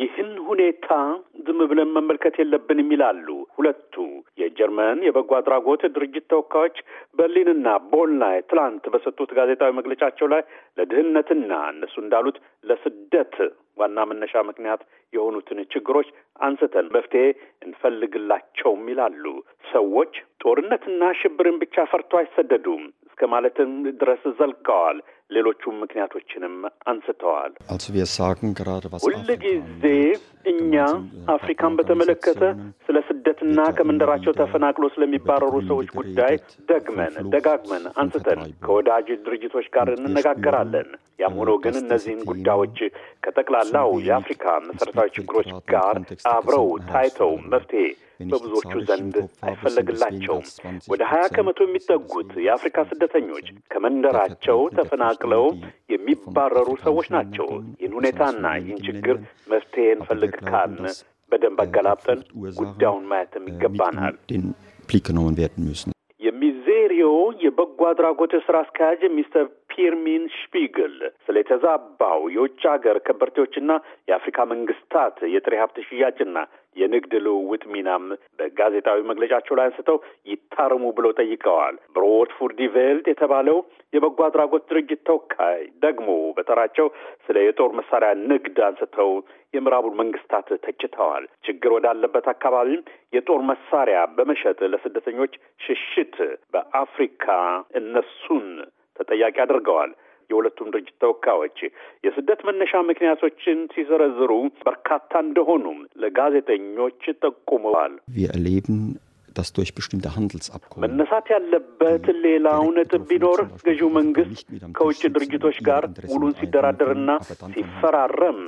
ይህን ሁኔታ ዝም ብለን መመልከት የለብንም ይላሉ። ሁለቱ የጀርመን የበጎ አድራጎት ድርጅት ተወካዮች በርሊንና ቦን ላይ ትላንት በሰጡት ጋዜጣዊ መግለጫቸው ላይ ለድህነትና እነሱ እንዳሉት ለስደት ዋና መነሻ ምክንያት የሆኑትን ችግሮች አንስተን መፍትሄ እንፈልግላቸውም ይላሉ። ሰዎች ጦርነትና ሽብርን ብቻ ፈርቶ አይሰደዱም እስከ ማለትም ድረስ ዘልቀዋል። ሌሎቹም ምክንያቶችንም አንስተዋል። ሁልጊዜ እኛ አፍሪካን በተመለከተ ስለ ስደትና ከመንደራቸው ተፈናቅሎ ስለሚባረሩ ሰዎች ጉዳይ ደግመን ደጋግመን አንስተን ከወዳጅ ድርጅቶች ጋር እንነጋገራለን። ያም ሆኖ ግን እነዚህን ጉዳዮች ከጠቅላላው የአፍሪካ መሠረታዊ ችግሮች ጋር አብረው ታይተው መፍትሄ በብዙዎቹ ዘንድ አይፈለግላቸውም። ወደ ሀያ ከመቶ የሚጠጉት የአፍሪካ ስደተኞች ከመንደራቸው ተፈናቅለው የሚባረሩ ሰዎች ናቸው። ይህን ሁኔታና ይህን ችግር መፍትሄ እንፈልግ ካልን በደንብ አገላብጠን ጉዳዩን ማየት የሚገባን den Blick genommen werden müssen የሚዜሪዮ የበጎ አድራጎት ስራ አስኪያጅ ሚስተር ኪርሚን ሽፒግል ስለ የተዛባው የውጭ ሀገር ከበርቴዎችና የአፍሪካ መንግስታት የጥሬ ሀብት ሽያጭና የንግድ ልውውጥ ሚናም በጋዜጣዊ መግለጫቸው ላይ አንስተው ይታረሙ ብለው ጠይቀዋል። ብሮድ ቬልት የተባለው የበጎ አድራጎት ድርጅት ተወካይ ደግሞ በተራቸው ስለ የጦር መሳሪያ ንግድ አንስተው የምዕራቡን መንግስታት ተችተዋል። ችግር ወዳለበት አካባቢም የጦር መሳሪያ በመሸጥ ለስደተኞች ሽሽት በአፍሪካ እነሱን ተጠያቂ አድርገዋል። የሁለቱም ድርጅት ተወካዮች የስደት መነሻ ምክንያቶችን ሲዘረዝሩ በርካታ እንደሆኑ ለጋዜጠኞች ጠቁመዋል። መነሳት ያለበት ሌላው ነጥብ ቢኖር ገዢው መንግስት ከውጭ ድርጅቶች ጋር ውሉን ሲደራደርና ሲፈራረም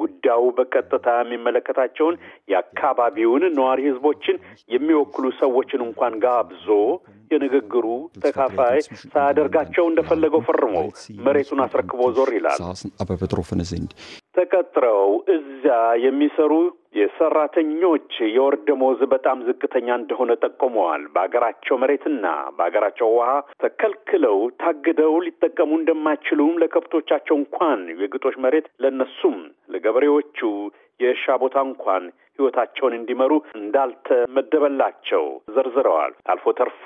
ጉዳዩ በቀጥታ የሚመለከታቸውን የአካባቢውን ነዋሪ ህዝቦችን የሚወክሉ ሰዎችን እንኳን ጋብዞ የንግግሩ ተካፋይ ሳያደርጋቸው እንደፈለገው ፈርሞ መሬቱን አስረክቦ ዞር ይላል። ተቀጥረው እዚያ የሚሰሩ የሰራተኞች የወር በጣም ዝቅተኛ እንደሆነ ጠቁመዋል። በሀገራቸው መሬትና በሀገራቸው ውሃ ተከልክለው ታግደው ሊጠቀሙ እንደማይችሉም ለከብቶቻቸው እንኳን የግጦሽ መሬት ለነሱም ለገበሬዎቹ የእርሻ ቦታ እንኳን ህይወታቸውን እንዲመሩ እንዳልተመደበላቸው ዘርዝረዋል። አልፎ ተርፎ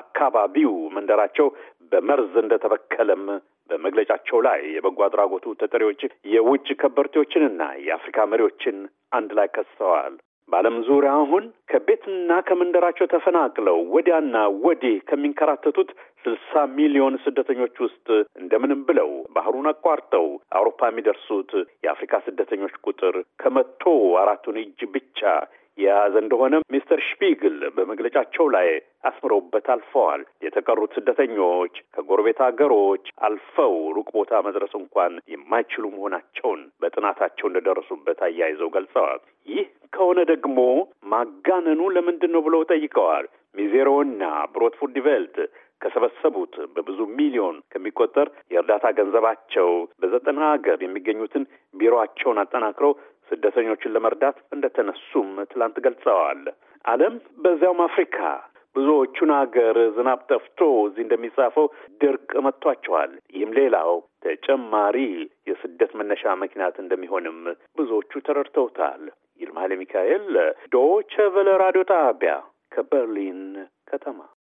አካባቢው መንደራቸው በመርዝ እንደተበከለም በመግለጫቸው ላይ የበጎ አድራጎቱ ተጠሪዎች የውጭ ከበርቴዎችንና የአፍሪካ መሪዎችን አንድ ላይ ከሰዋል። በዓለም ዙሪያ አሁን ከቤትና ከመንደራቸው ተፈናቅለው ወዲያና ወዲህ ከሚንከራተቱት ስልሳ ሚሊዮን ስደተኞች ውስጥ እንደምንም ብለው ባህሩን አቋርጠው አውሮፓ የሚደርሱት የአፍሪካ ስደተኞች ቁጥር ከመቶ አራቱን እጅ ብቻ የያዘ እንደሆነ ሚስተር ሽፒግል በመግለጫቸው ላይ አስምረውበት አልፈዋል። የተቀሩት ስደተኞች ከጎረቤት ሀገሮች አልፈው ሩቅ ቦታ መድረስ እንኳን የማይችሉ መሆናቸውን በጥናታቸው እንደደረሱበት አያይዘው ገልጸዋል። ይህ ከሆነ ደግሞ ማጋነኑ ለምንድን ነው ብለው ጠይቀዋል። ሚዜሮና ብሮትፉድ ዲቨልት ከሰበሰቡት በብዙ ሚሊዮን ከሚቆጠር የእርዳታ ገንዘባቸው በዘጠና ሀገር የሚገኙትን ቢሮአቸውን አጠናክረው ስደተኞችን ለመርዳት እንደተነሱም ትላንት ገልጸዋል። ዓለም በዚያውም አፍሪካ ብዙዎቹን አገር ዝናብ ጠፍቶ እዚህ እንደሚጻፈው ድርቅ መጥቷቸዋል። ይህም ሌላው ተጨማሪ የስደት መነሻ ምክንያት እንደሚሆንም ብዙዎቹ ተረድተውታል። ይልማሌ ሚካኤል ዶቸቨለ ራዲዮ ጣቢያ ከበርሊን ከተማ